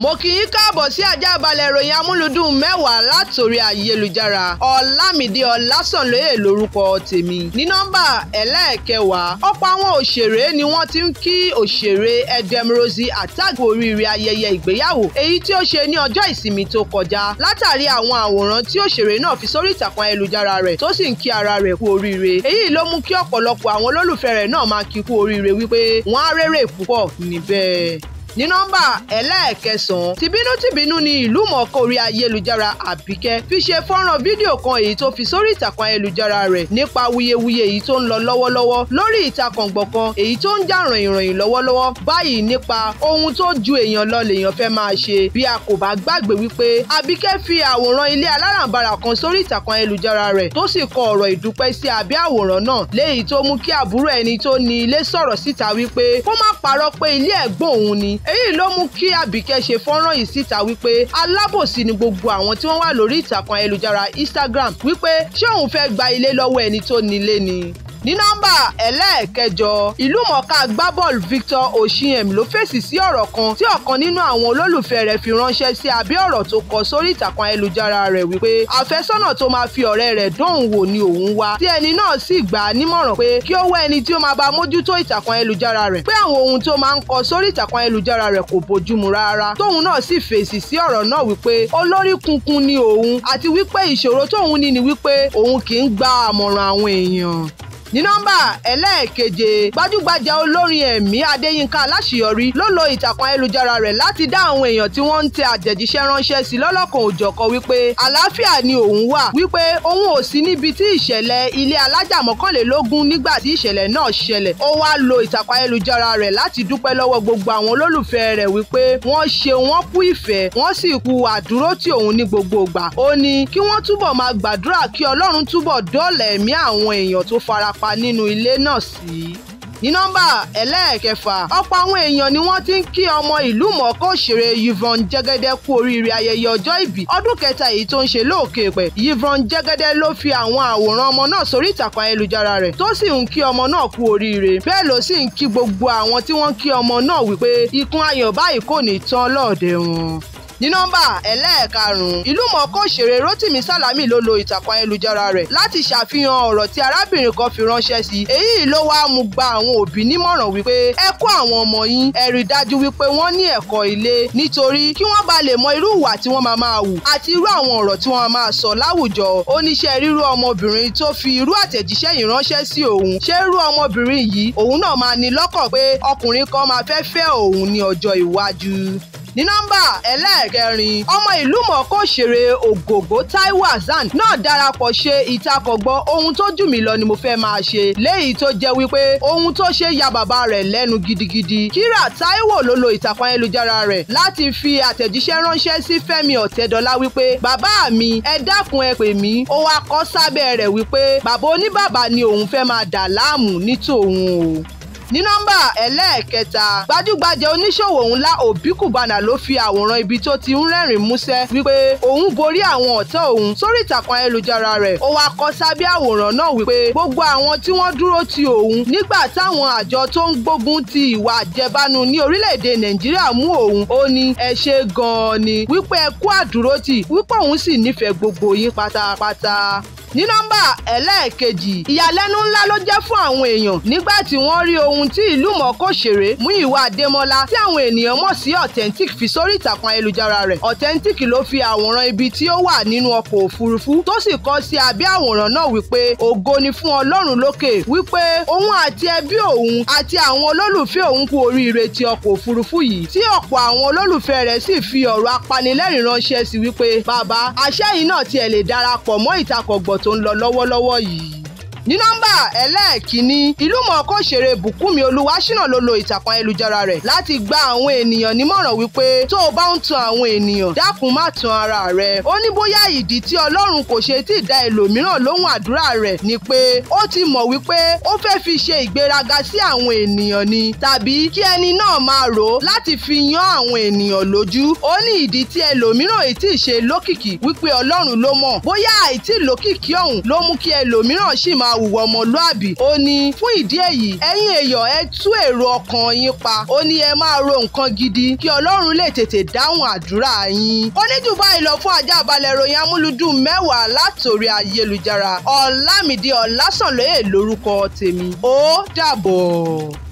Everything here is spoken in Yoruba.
mo kì í káàbọ̀ sí àjábalẹ̀ ìròyìn amúlùdùn mẹ́wàá látòrí ayélujára ọ̀làmídé ọ̀làsànlóye lórúkọ tèmi ní nọ́mbà ẹlẹ́ẹ̀kẹwàá ọ̀pọ̀ àwọn òṣèré ni wọ́n ti ń kí òṣèré Edemozi Attah oríire ayẹyẹ ìgbéyàwó èyí tí ó ṣe ní ọjọ́ ìsinmi tó kọjá látàrí àwọn àwòrán tí òṣèré náà fi sórí ìtàkùn ayélujára rẹ̀ tó sì ń kí ara rẹ̀ kú oríire èyí ló mú kí ọ̀pọ̀lọpọ̀ àwọn olólùfẹ́ rẹ̀ náà máa kí kú oríire ní nọ́mbà ẹlẹ́ẹ̀kẹsàn-án tìbínútìbínú ni ìlú mọ̀ọ́ká orí ayélujára àbíkẹ́ fi ṣe fọ́nrán fídíò kan èyí tó fi sórí ìtàkùn ayélujára rẹ̀ nípa awuyewuye èyí tó ń lọ lọ́wọ́lọ́wọ́ lórí ìtàkùn gbọ̀ngàn èyí tó ń jà rànyìnrànyìn lọ́wọ́lọ́wọ́ báyìí nípa ohun tó ju èèyàn lọ lèèyàn fẹ́ máa ṣe bí a kò bá gbàgbé wípé àbíkẹ́ fi àwòrán ilé alárànbarà kan sórí ìtàkùn ayélujára rẹ̀ tó sì kọ ọ̀rọ̀ ìdúpẹ́ sí abẹ́ àwòrán náà léyìí tó mú kí èyí ló mú kí Àbíkẹ́ ṣe fọ́nrán yìí síta wípé alábòsí ni gbogbo àwọn tí wọ́n wà lórí ìtàkùn ayélujára Instagram wípé ṣé òun fẹ́ gba ilé lọ́wọ́ ẹni tó nílé ni ní nọ́mbà ẹlẹ́ẹ̀kẹjọ ìlúmọ̀ọ́ká agbábọ́ọ̀lù Victor Osimhen ló fèsì sí ọ̀rọ̀ kan tí ọ̀kan nínú àwọn olólùfẹ́ rẹ̀ fi ránṣẹ́ sí abẹ́ ọ̀rọ̀ tó kọ sórí ìtàkùn ayélujára rẹ̀ wípé àfẹ́sọ́nà tó máa fi ọ̀rẹ́ rẹ̀ dóhùn wò ni òun wá tí ẹni náà sì gbà á nímọ̀ràn pé kí ó wá ẹni tí ó máa bá mójútó ìtàkùn ayélujára rẹ̀ pé àwọn ohun tó máa ń kọ sórí ìtàkùn ayélujára rẹ̀ kò bójúmu rárá tóun náà sì ni ni wípé òun kì í gba àmọ̀ràn àwọn èèyàn ní nọ́mbà ẹlẹ́ẹ̀keje gbajúgbajà olórin ẹ̀mí adéyínká aláṣeyọrí ló lo ìtàkùn ayélujára rẹ̀ láti dá àwọn èèyàn tí wọ́n ń tẹ àtẹ̀jíṣẹ́ ránṣẹ́ sí lọ́lọ́kan òjọ̀kan wípé àlàáfíà ni òun wà wípé òun ò sí níbi tí ìṣẹ̀lẹ̀ ilé alájà mọ́kànlélógún nígbà tí ìṣẹ̀lẹ̀ náà ṣẹlẹ̀ ó wá lo ìtàkùn ayélujára rẹ̀ láti dúpẹ́ lọ́wọ́ gbogbo àwọn olólùfẹ́ rẹ̀ wípé wọ́n ṣe wọ́n kú ìfẹ́ wọ́n sì kú àdúró tí òun ní gbogbo ìgbà pa nínú ilé náà sí. ní nọ́mbà ẹlẹ́ẹ̀kẹfà ọ̀pọ̀ àwọn èèyàn ni wọ́n ti ń kí ọmọ ìlú mọ̀ọ́ká òṣèré Yvon Jẹ́gẹ́dẹ́ kú oríire ayẹyẹ ọjọ́ ìbí ọdún kẹta èyí tó ń ṣe lóòkè pẹ̀ Yvon Jẹ́gẹ́dẹ́ ló fi àwọn àwòrán ọmọ náà sórí ìtàkùn ayélujára rẹ̀ tó sì ń kí ọmọ náà kú oríire bẹ́ẹ̀ ló sì ń kí gbogbo àwọn tí wọ́n kí ọmọ náà wípé ikún ayọ̀ báyìí kò ní tán lọ́ọ̀dẹ̀ wọn ní nọ́mbà ẹlẹ́ẹ̀karùn-ún ìlúmọ̀ọ́ká òṣèré Rotimi Salami ló lo ìtàkùn ayélujára rẹ̀ láti ṣàfihàn ọ̀rọ̀ tí arábìnrin kan fi ránṣẹ́ sí èyí ló wá mú gba àwọn òbí nímọ̀ràn wípé ẹ kọ́ àwọn ọmọ yín ẹ rí dájú wípé wọ́n ní ẹ̀kọ́ ilé nítorí kí wọ́n bá lè mọ irú ìwà tí wọ́n máa máa wù àti irú àwọn ọ̀rọ̀ tí wọ́n máa sọ láwùjọ oníṣẹ́ rírú ọmọbìnrin tó fi irú àtẹ̀jíṣẹ́ yìí ránṣẹ́ sí òun ṣé irú ọmọbìnrin yìí òun náà máa ní lọ́kàn pé ọkùnrin kan máa fẹ́ fẹ́ òun ní ọjọ́ iwájú ní nọ́mbà ẹlẹ́ẹ̀kẹrin ọmọ ìlú mọ̀ọ́kọ́ òṣèré ògògó Taiwo Hassan náà darapọ̀ ṣe ìtakọ̀gbọ́ ohun tó jù mí lọ ni mo fẹ́ máa ṣe léyìí tó jẹ́ wípé ohun tó ṣe ya bàbá rẹ̀ lẹ́nu gidigidi Kíra Taiwo ló lo ìtàkùn ayélujára rẹ̀ láti fi àtẹ̀jíṣẹ́ ránṣẹ́ sí Fẹ́mi Ọ̀tẹ́dọ́lá wípé bàbá mi ẹ dákun ẹ pè mí ó wá kọ sábẹ́ rẹ̀ wípé bàbá oníbàbà ni òun fẹ́ máa dà láàmú ní o ní nọ́mbà ẹlẹ́ẹ̀kẹta gbajúgbajà oníṣòwò ńlá Obi Cubana ló fi àwòrán ibi tó ti ń rẹ́rìn músẹ́ wípé òun borí àwọn ọ̀tá òun sórí ìtàkùn ayélujára rẹ̀ ó wá kọ sábẹ́ àwòrán náà wípé gbogbo àwọn tí wọ́n dúró ti òun nígbà táwọn àjọ tó ń gbógun ti ìwà àjẹbánu ní orílẹ̀-èdè Nàìjíríà mú òun ó ní ẹ ṣe gan-an ni wípé ẹ kú àdúrótì wípé òun sì nífẹ̀ẹ́ gbogbo yín pátápátá ní nọ́mbà ẹlẹ́ẹ̀kejì ìyàlẹ́nu ńlá ló jẹ́ fún àwọn èèyàn nígbà tí wọ́n rí ohun tí ìlú mọ̀ọ́kọ́ òṣèré Múyìwá Adémọ́lá tí àwọn ènìyàn mọ̀ sí Authentic fi sórí ìtàkùn ayélujára rẹ̀ Authentic ló fi àwòrán ibi tí ó wà nínú ọkọ̀ òfurufú tó sì kọ sí abẹ́ àwòrán náà wípé ògo ni fún Ọlọ́run lókè wípé òun àti ẹbí òun àti àwọn olólùfẹ́ òun kú oríire ti ọkọ̀ òfurufú yìí tí ọ̀pọ̀ àwọn olólùfẹ́ rẹ̀ sì fi ọ̀rọ̀ tó ń lọ lọ́wọ́lọ́wọ́ yìí ní nọ́mbà ẹlẹ́ẹ̀kínní ìlúmọ̀ọ́ká òṣèré Bùkúnmi Olúwaṣínà ló lo ìtàkùn ayélujára rẹ̀ láti gba àwọn ènìyàn nímọ̀ràn wípé tó o bá ń tan àwọn ènìyàn dákun má tan ara rẹ̀ ó ní bóyá ìdí tí Ọlọ́run kò ṣe tí ì dá ẹlòmíràn lóhùn àdúrà rẹ̀ ni pé ó ti mọ̀ wípé ó fẹ́ fi ṣe ìgbéraga sí àwọn ènìyàn ni tàbí kí ẹni náà máa rò láti fi yan àwọn ènìyàn lójú ó ní ìdí tí ẹlòmíràn ì tí ì ṣe lókìkí ìwà ọmọlúàbí ó ní fún ìdí èyí ẹ̀yin èèyàn ẹ tú èrò ọkàn yín pa ó ní ẹ máa ro nǹkan gidi kí ọlọ́run lè tètè dáhùn àdúrà yín ó ní jù báyìí lọ fún ajá balẹ̀ ìròyìn amúlùdùn mẹ́wàá látòrí ayélujára ọ̀làmìdí ọ̀làsànlóye lórúkọ tèmi ó dàbọ̀.